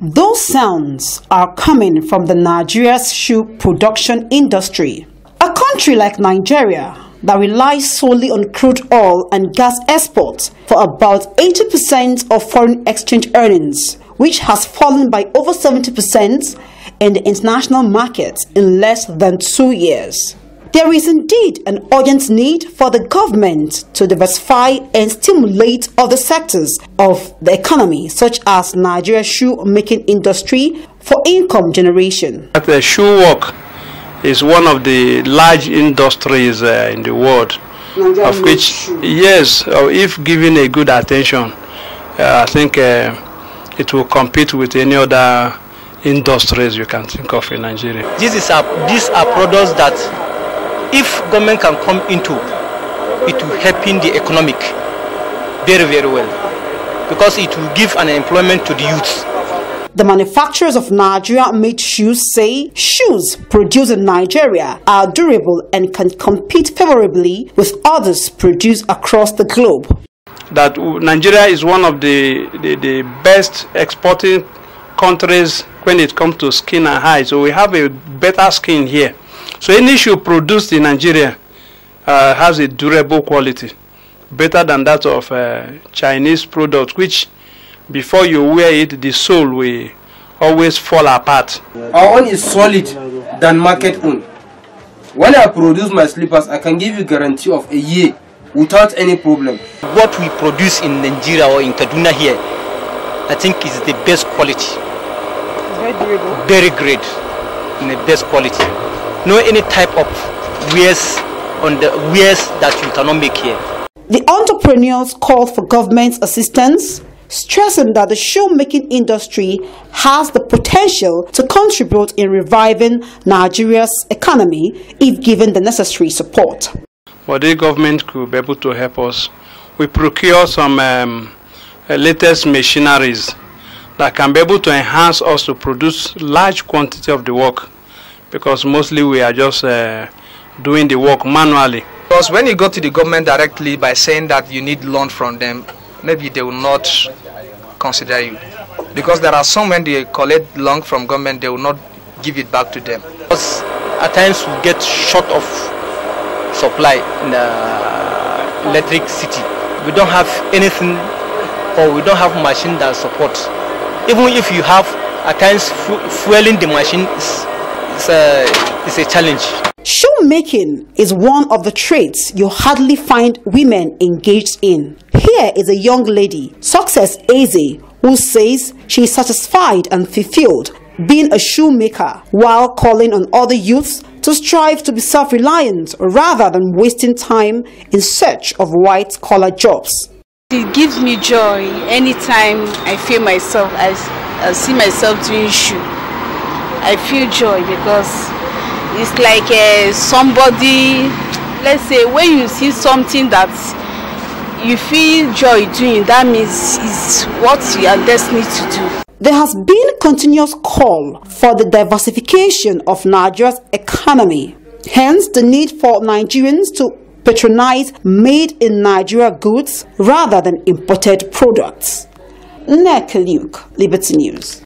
Those sounds are coming from the Nigeria's shoe production industry. A country like Nigeria that relies solely on crude oil and gas exports for about 80% of foreign exchange earnings, which has fallen by over 70% in the international market in less than two years. There is indeed an urgent need for the government to diversify and stimulate other sectors of the economy, such as Nigeria's shoe-making industry, for income generation. The shoe work is one of the large industries uh, in the world, Nigeria of which, shoe. yes, uh, if given a good attention, uh, I think uh, it will compete with any other industries you can think of in Nigeria. This is a these are products that if government can come into, it will help in the economic very, very well because it will give an employment to the youth. The manufacturers of Nigeria made shoes say shoes produced in Nigeria are durable and can compete favorably with others produced across the globe. That Nigeria is one of the, the, the best exporting countries when it comes to skin and hide. So we have a better skin here. So any shoe produced in Nigeria uh, has a durable quality, better than that of uh, Chinese product, which before you wear it, the sole will always fall apart. Our own is solid than market own. When I produce my slippers, I can give you guarantee of a year without any problem. What we produce in Nigeria or in Kaduna here, I think is the best quality. It's very durable. Very great, in the best quality. Know any type of wares on the wares that you cannot make here. The entrepreneurs called for government assistance, stressing that the shoemaking industry has the potential to contribute in reviving Nigeria's economy if given the necessary support. Well, the government could be able to help us. We procure some um, uh, latest machineries that can be able to enhance us to produce large quantity of the work because mostly we are just uh, doing the work manually. Because when you go to the government directly by saying that you need loan from them, maybe they will not consider you. Because there are some when they collect loan from government, they will not give it back to them. Because at times we get short of supply in the uh, electricity. We don't have anything or we don't have machine that supports. Even if you have at times fueling the machine is it's a, uh, it's a challenge. Shoemaking is one of the trades you hardly find women engaged in. Here is a young lady, Success Aze, who says she is satisfied and fulfilled being a shoemaker while calling on other youths to strive to be self-reliant rather than wasting time in search of white-collar jobs. It gives me joy anytime I feel myself, I, I see myself doing shoe. I feel joy because it's like eh, somebody, let's say, when you see something that you feel joy doing, that means it's what you are destined to do. There has been continuous call for the diversification of Nigeria's economy. Hence, the need for Nigerians to patronize made in Nigeria goods rather than imported products. Nick Liberty News.